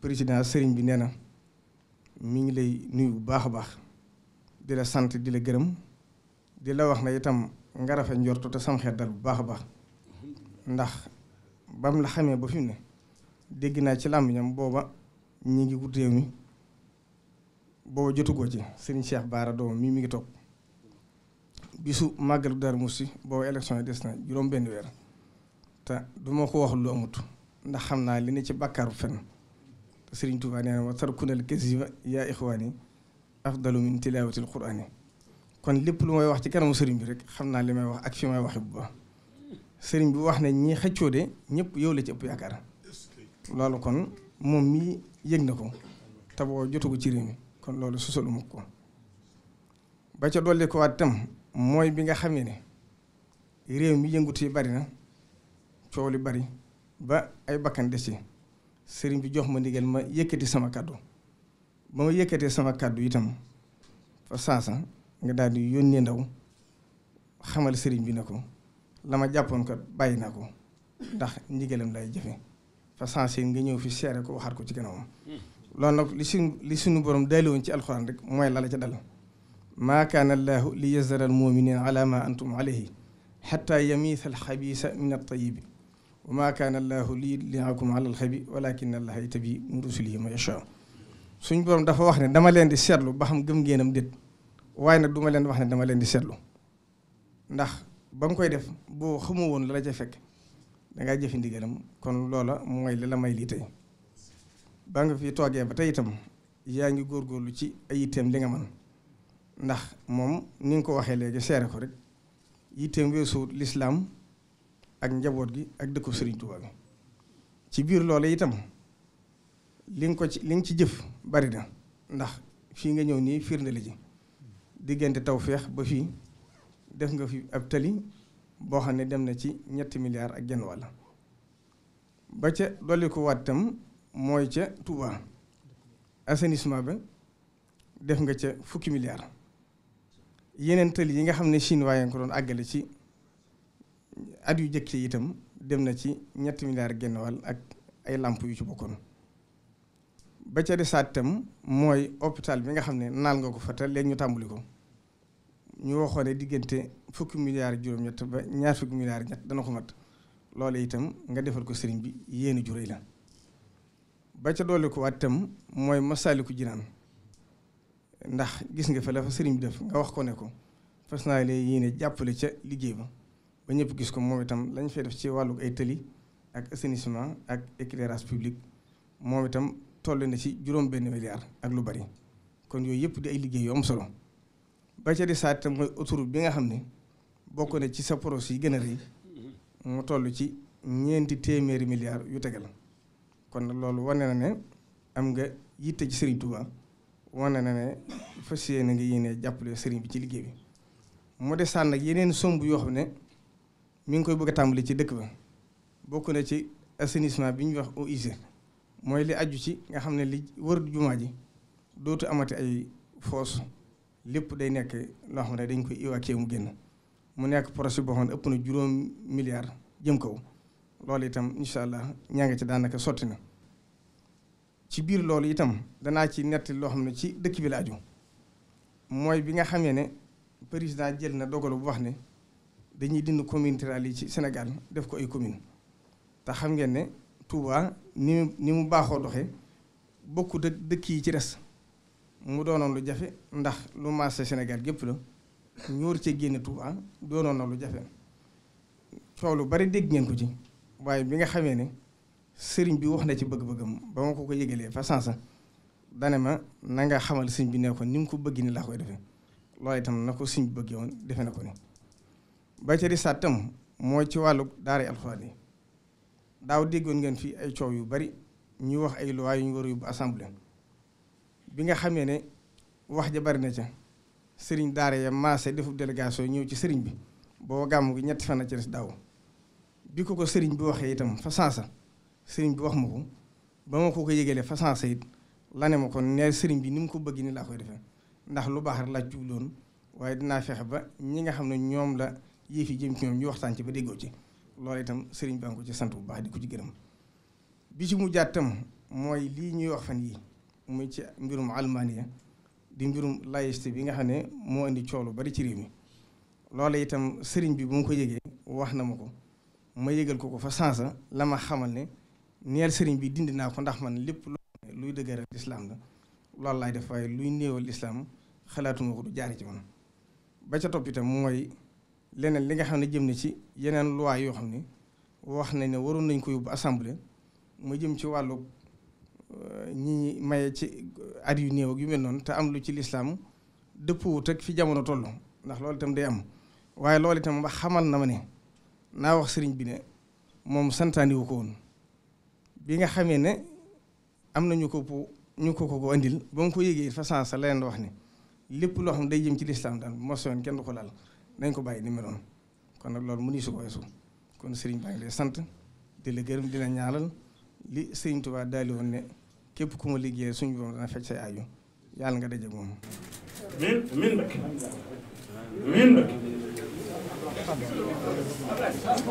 président sëriñ bi nee na mi ngi lay nuyu bu baax a baax di la sant di la gërëm di la wax na itam nga rafet njorto te sam dal bu baax a baax ndax bam la xamee ba fi ne dégg naa ci làmbiñam booba ñi ngi wut réew mi booba jotugoo ci sëriñ Cheikh Baara doom mi mi ngi toog bisu màggal Darou Mousty booba élection yi des na juróom benn weer te du ma ko wax lu amut ndax xam naa li ne ci bàkkaaru fen sëriñ Tuubaa nee na wa tarkunal kasiba yaa ixwaani afdalu min tilaawatil quraani kon lépp lu may wax ci kanamu sëriñ bi rek xam naa li may wax ak fi may waxe bu baax sëriñ bu wax ne ñi xëccoo de ñëpp yow la ci ëpp yaakaar loolu kon moom mii yëg na ko te boo jotu ko ci réew mi kon loolu susalu ma ko ba ca dolli ko waat tam mooy bi nga xamee ne réew mi yëngut yi bari na coow li bari ba ay bakkan des ci sëriñ bi jox ma ndigal ma yëkkati sama kàddu ba ma yëkkatee sama kàddu itam fa saasa nga daal di yónnee ndaw xamal sëriñ bi ne ko la ma jàppoon kat bàyyi naa ko ndax ndigalam lay jëfe fa saasa nga ñëw fi seere ko waxaat ko ci gannaawam loolu nag li suñ li suñu borom daaloon ci alxuraan rek mooy la la ca dal maa kaana allaahu li yazara al muminina ala ma antum alayhi xatta yamiisa alxabiisa min attayibi wa maa kaana allaahu liyudli'akum alal xabi walaakinna allaaha yajtabii min rusulihi man yashaa suñ borom dafa wax ne dama leen di seetlu ba xam gëm ngeenam déet waaye nag duma leen wax ne dama leen di seetlu ndax ba nga koy def boo xamu woon la la ca fekk dangaa jëfe ndigalam kon loola mooy li la may lii tey ba nga fi toogee ba tey itam yaa ngi góorgóorlu ci ay yitteem li nga man ndax moom ni ko waxee léegi seere ko rek yitteem weesu lislaam ak njaboot gi ak dëkkub Serigne Touba bi ci biir loole itam li nga ko ci li nga ci jëf bari na ndax fii nga ñëw nii firnde la ji diggante taw feex ba fii def nga fi ab tali boo xam ne dem na ci ñetti milliards ak genn walla ba ca dolli ko waat mooy ca Touba assainissement ba def nga ca fukki milliards yeneen tali yi nga xam ne Chine waaye nga ko doon àggale ci. at yu jëkk yi itam dem na ci ñetti milliards genn ak ay làmp yu ci bokkoon ba ca desaat itam mooy hôpital bi nga xam ne naal nga ko fa te léegi ñu tàmbali ko ñu waxoon diggante fukki milliards juróom-ñett ba ñaar fukki milliards ñett dana ko mat loole itam nga defal ko sëriñ bi yéen ju la ba ca doole ko waat itam mooy Masaalikul Jinaan ndax gis nga fa la fa sëriñ bi def nga wax ko ne ko fas naa leen jàppale ca liggéey ba. ba ñëpp gis ko moom itam lañ fay def ci wàllu ay tëli ak assainissement ak éclairage public moom itam toll na ci juróom-benn milliard ak lu bari kon yooyu yëpp di ay liggéey yu am solo ba ca di saa itam mooy autoroute bi nga xam ne bokk ne ci sa projet yi gën a rëy mu toll ci ñeenti téeméeri milliards yu tegal kon loolu wane na ne am nga yitte ci Serigne Touba wane na ne fas yéene nga yéene jàppale Serigne bi ci liggéey bi mu yeneen somb yoo xam ne. mi ngi koy bëgg a tàmbali ci dëkk ba bokk na ci assainissement bi ñuy wax eaux mooy li aju ci nga xam ne li wër jumaa ji dootu amati ay foos lépp day nekk loo xam dañ koy évacuer mu génn mu nekk projet boo xam ne ëpp na juróom milliard jëm kaw loolu itam incha allah ñaa ngi ci daanaka sotti na ci biir loolu itam danaa ci netti loo xam ne ci dëkk bi la aju mooy bi nga xamee ne président jël na dogal bu wax ne dañuy dind communauté rurale yi ci Sénégal def ko ay commune te xam ngeen ne Touba ni ni mu baaxoo doxee bokkut dëkk yi ci des mu doonoon lu jafe ndax lu marché Sénégal gépp la ñóor ci génne Touba doonoon na lu jafe coow lu bari dégg ngeen ko ci waaye bi nga xamee ne sëriñ bi wax na ci bëgg-bëggam ba ma ko ko yëgalee fa sansa dane ma na nga xamal sëñ bi ne ko ni mu ko bëgg ni laa koy defee loolu itam na ko sëñ bi bëggee woon defe na ko ni ba ca risaat tam mooy ci wàllu daara alxuraan daaw déggoon ngeen fii ay coow yu bari ñuy wax ay luwaay yu ñu war a yóbbu assemblée bi nga xamee ne wax ja bari na ca sëriñ daara ya maase defu délégation ñëw ci sëriñ bi boo gàmm gi ñetti fan a ci des daaw bi ko ko sëriñ bi waxee itam fa sansa sëriñ bi wax ma ko ba ma ko ko yëgalee fa sansa it la ne ma ko ne sëriñ bi ni mu ko bëgg ni laa koy defee ndax lu baax rek laa jubloon waaye dinaa fexe ba ñi nga xam ne ñoom la yéef yi jëm ci ñu waxtaan ci ba déggoo ci loolu itam sëriñ baa ngi ko ci sant bu baax di ko ci gërëm bi ci mu jaat tam mooy lii ñuy wax fan yi muy ci mbirum almaaniya di mbirum laïcité bi nga xam ne moo indi coow lu bari ci réew mi loolu itam sëriñ bi bu mu ko yëgee wax na ma ko ma yëgal ko ko fa sansa la ma xamal ne neel sëriñ bi dindi naa ko ndax man lépp loo luy dëgëral lislaam la loolu laay def waaye luy néewal lislaam xalaatuma ko du jaari ci man ba leneen li nga xam ne jëm na ci yeneen luwaay yoo xam ne wax na ne waroon nañ ko yóbbu assemblée mu jëm ci wàllu euh, ñi may ci at yu néew ak yu mel noonu te am lu ci lislaam dëppwut ak fi jamono toll ndax loolu tam day am waaye loolu itam ba xamal na ma ne naa wax sëriñ bi ne moom santaani wu ko woon bi nga xamee ne am na ñu ko ñu ko ko andil ba mu ko yëgee fa sens la leen wax ne lépp loo xam ne day jëm ci lislaam daal mosoon kenn du ko laal nañ ko bàyyi ni kon nag loolu mënuñu su ko weesu kon sëriñ baa lay sant di la gërëm di la ñaalal li sëriñ Tuubaa daali woon ne képp ku ma liggéeyee suñu borom dana faj say aju nga daje moom. min min Mbakke